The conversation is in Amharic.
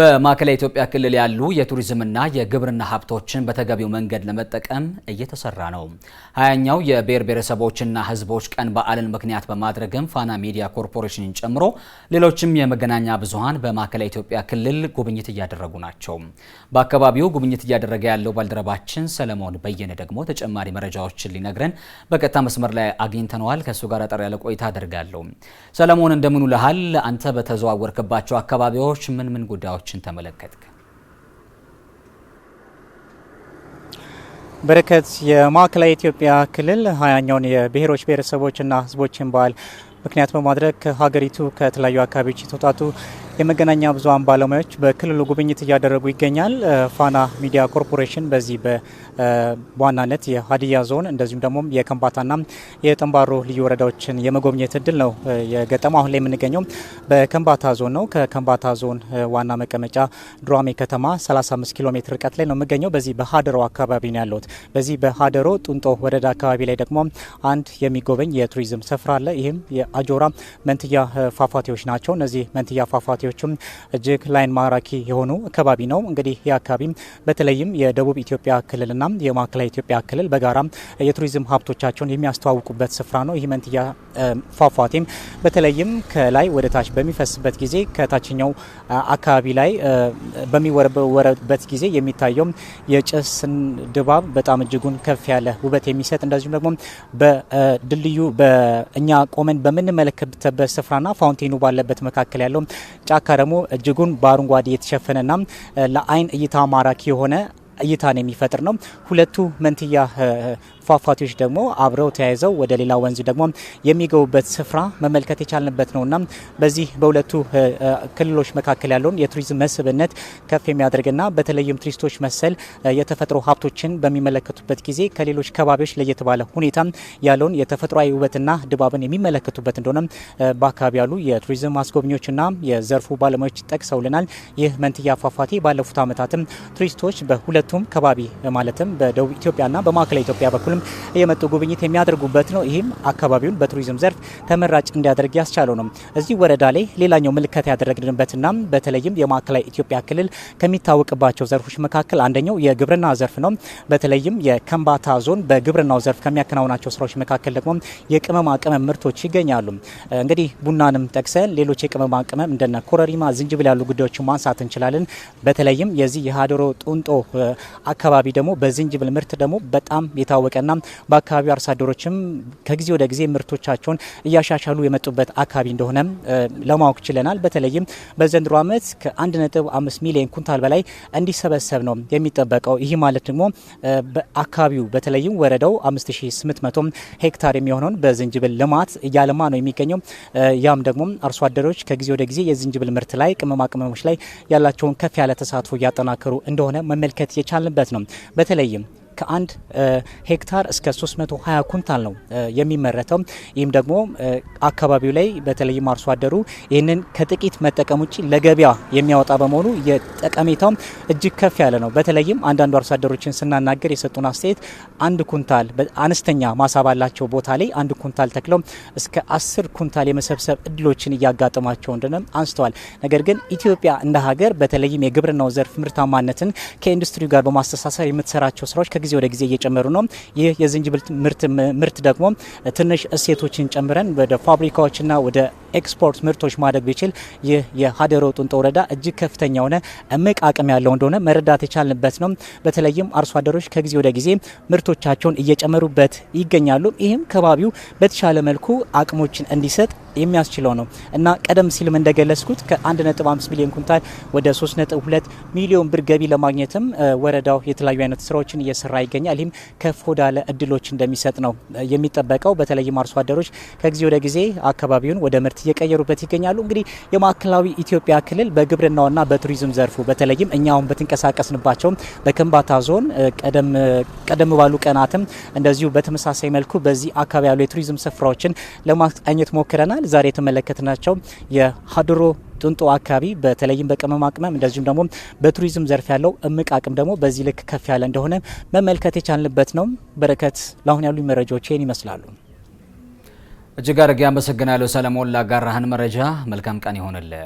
በማዕከላዊ ኢትዮጵያ ክልል ያሉ የቱሪዝምና የግብርና ሀብቶችን በተገቢው መንገድ ለመጠቀም እየተሰራ ነው። ሀያኛው የብሔር ብሔረሰቦችና ሕዝቦች ቀን በዓልን ምክንያት በማድረግም ፋና ሚዲያ ኮርፖሬሽንን ጨምሮ ሌሎችም የመገናኛ ብዙሀን በማዕከላዊ ኢትዮጵያ ክልል ጉብኝት እያደረጉ ናቸው። በአካባቢው ጉብኝት እያደረገ ያለው ባልደረባችን ሰለሞን በየነ ደግሞ ተጨማሪ መረጃዎችን ሊነግረን በቀጥታ መስመር ላይ አግኝተነዋል። ከእሱ ጋር አጠር ያለ ቆይታ አደርጋለሁ። ሰለሞን እንደምን ውለሃል? አንተ በተዘዋወርክባቸው አካባቢዎች ምን ምን ጉዳዮች ስራዎችን ተመለከትክ? በረከት የማዕከላዊ ኢትዮጵያ ክልል ሀያኛውን የብሔሮች ብሔረሰቦችና ህዝቦችን በዓል ምክንያት በማድረግ ከሀገሪቱ ከተለያዩ አካባቢዎች የተውጣጡ የመገናኛ ብዙሃን ባለሙያዎች በክልሉ ጉብኝት እያደረጉ ይገኛል። ፋና ሚዲያ ኮርፖሬሽን በዚህ በዋናነት የሀዲያ ዞን እንደዚሁም ደግሞ የከንባታና የጠንባሮ ልዩ ወረዳዎችን የመጎብኘት እድል ነው የገጠመው። አሁን ላይ የምንገኘው በከንባታ ዞን ነው። ከከንባታ ዞን ዋና መቀመጫ ድሯሜ ከተማ 35 ኪሎ ሜትር ርቀት ላይ ነው የምገኘው። በዚህ በሀደሮ አካባቢ ነው ያለሁት። በዚህ በሀደሮ ጡንጦ ወረዳ አካባቢ ላይ ደግሞ አንድ የሚጎበኝ የቱሪዝም ስፍራ አለ። ይህም የአጆራ መንትያ ፏፏቴዎች ናቸው። እነዚህ መንትያ ፏፏቴዎች አካባቢዎችም እጅግ ላይን ማራኪ የሆኑ አካባቢ ነው። እንግዲህ ይህ አካባቢ በተለይም የደቡብ ኢትዮጵያ ክልልና የማዕከላዊ ኢትዮጵያ ክልል በጋራ የቱሪዝም ሀብቶቻቸውን የሚያስተዋውቁበት ስፍራ ነው። ይህ መንትያ ፏፏቴም በተለይም ከላይ ወደ ታች በሚፈስበት ጊዜ ከታችኛው አካባቢ ላይ በሚወረበት ጊዜ የሚታየው የጭስን ድባብ በጣም እጅጉን ከፍ ያለ ውበት የሚሰጥ እንደዚሁም ደግሞ በድልድዩ በእኛ ቆመን በምንመለከትበት ስፍራና ፋውንቴኑ ባለበት መካከል ያለው ጫካ ደግሞ እጅጉን በአረንጓዴ የተሸፈነና ለአይን እይታ ማራኪ የሆነ እይታን የሚፈጥር ነው። ሁለቱ መንትያ ፏፏቴዎች ደግሞ አብረው ተያይዘው ወደ ሌላ ወንዝ ደግሞ የሚገቡበት ስፍራ መመልከት የቻልንበት እና በዚህ በሁለቱ ክልሎች መካከል ያለውን የቱሪዝም መስህብነት ከፍ የሚያደርግና በተለይም ቱሪስቶች መሰል የተፈጥሮ ሀብቶችን በሚመለከቱበት ጊዜ ከሌሎች ከባቢዎች ለየት ባለ ሁኔታ ያለውን የተፈጥሯዊ ውበትና ድባብን የሚመለከቱበት እንደሆነ በአካባቢ ያሉ የቱሪዝም አስጎብኚዎችና የዘርፉ ባለሙያዎች ጠቅሰውልናል። ይህ መንትያ ፏፏቴ ባለፉት ዓመታትም ቱሪስቶች በሁለቱም ከባቢ ማለትም በደቡብ ኢትዮጵያና በማዕከላዊ ኢትዮጵያ በኩል በኩልም እየመጡ ጉብኝት የሚያደርጉበት ነው። ይህም አካባቢውን በቱሪዝም ዘርፍ ተመራጭ እንዲያደርግ ያስቻለው ነው። እዚህ ወረዳ ላይ ሌላኛው ምልከት ያደረግንበትና በተለይም የማዕከላዊ ኢትዮጵያ ክልል ከሚታወቅባቸው ዘርፎች መካከል አንደኛው የግብርና ዘርፍ ነው። በተለይም የከምባታ ዞን በግብርናው ዘርፍ ከሚያከናውናቸው ስራዎች መካከል ደግሞ የቅመማ ቅመም ምርቶች ይገኛሉ። እንግዲህ ቡናንም ጠቅሰን ሌሎች የቅመማ ቅመም እንደነ ኮረሪማ፣ ዝንጅብል ያሉ ጉዳዮችን ማንሳት እንችላለን። በተለይም የዚህ የሀደሮ ጡንጦ አካባቢ ደግሞ በዝንጅብል ምርት ደግሞ በጣም የታወቀ እያደገና በአካባቢው አርሶ አደሮችም ከጊዜ ወደ ጊዜ ምርቶቻቸውን እያሻሻሉ የመጡበት አካባቢ እንደሆነ ለማወቅ ችለናል። በተለይም በዘንድሮ ዓመት ከ1.5 ሚሊዮን ኩንታል በላይ እንዲሰበሰብ ነው የሚጠበቀው። ይህ ማለት ደግሞ በአካባቢው በተለይም ወረዳው 5800 ሄክታር የሚሆነውን በዝንጅብል ልማት እያለማ ነው የሚገኘው። ያም ደግሞ አርሶ አደሮች ከጊዜ ወደ ጊዜ የዝንጅብል ምርት ላይ ቅመማ ቅመሞች ላይ ያላቸውን ከፍ ያለ ተሳትፎ እያጠናከሩ እንደሆነ መመልከት የቻልንበት ነው። በተለይም ከአንድ ሄክታር እስከ 320 ኩንታል ነው የሚመረተው። ይህም ደግሞ አካባቢው ላይ በተለይም አርሶ አደሩ ይህንን ከጥቂት መጠቀም ውጭ ለገበያ የሚያወጣ በመሆኑ የጠቀሜታውም እጅግ ከፍ ያለ ነው። በተለይም አንዳንዱ አርሶ አደሮችን ስናናገር የሰጡን አስተያየት አንድ ኩንታል አነስተኛ ማሳ ባላቸው ቦታ ላይ አንድ ኩንታል ተክለው እስከ አስር ኩንታል የመሰብሰብ እድሎችን እያጋጠማቸው እንደሆነ አንስተዋል። ነገር ግን ኢትዮጵያ እንደ ሀገር በተለይም የግብርናው ዘርፍ ምርታማነትን ከኢንዱስትሪው ጋር በማስተሳሰር የምትሰራቸው ስራዎች ከጊዜ ከጊዜ ወደ ጊዜ እየጨመሩ ነው። ይህ የዝንጅብል ምርት ደግሞ ትንሽ እሴቶችን ጨምረን ወደ ፋብሪካዎችና ወደ ኤክስፖርት ምርቶች ማደግ ቢችል ይህ የሀደሮ ጡንጦ ወረዳ እጅግ ከፍተኛ የሆነ እምቅ አቅም ያለው እንደሆነ መረዳት የቻልንበት ነው። በተለይም አርሶ አደሮች ከጊዜ ወደ ጊዜ ምርቶቻቸውን እየጨመሩበት ይገኛሉ። ይህም ከባቢው በተሻለ መልኩ አቅሞችን እንዲሰጥ የሚያስችለው ነው እና ቀደም ሲልም እንደገለጽኩት ከ1.5 ሚሊዮን ኩንታል ወደ 3.2 ሚሊዮን ብር ገቢ ለማግኘትም ወረዳው የተለያዩ አይነት ስራዎችን እየሰራ ይገኛል። ይህም ከፍ ወዳለ እድሎች እንደሚሰጥ ነው የሚጠበቀው። በተለይም አርሶ አደሮች ከጊዜ ወደ ጊዜ አካባቢውን ወደ ምርት እየቀየሩበት ይገኛሉ። እንግዲህ የማዕከላዊ ኢትዮጵያ ክልል በግብርናውና በቱሪዝም ዘርፉ በተለይም እኛ አሁን በተንቀሳቀስንባቸውም በከምባታ ዞን ቀደም ባሉ ቀናትም እንደዚሁ በተመሳሳይ መልኩ በዚህ አካባቢ ያሉ የቱሪዝም ስፍራዎችን ለማቃኘት ሞክረናል። ዛሬ የተመለከትናቸው የሀድሮ ጥንጦ አካባቢ በተለይም በቅመማ ቅመም እንደዚሁም ደግሞ በቱሪዝም ዘርፍ ያለው እምቅ አቅም ደግሞ በዚህ ልክ ከፍ ያለ እንደሆነ መመልከት የቻልንበት ነው። በረከት፣ ለአሁን ያሉ መረጃዎች ይህን ይመስላሉ። እጅግ አድርጌ አመሰግናለሁ ሰለሞን ላጋራህን መረጃ። መልካም ቀን ይሆንልህ።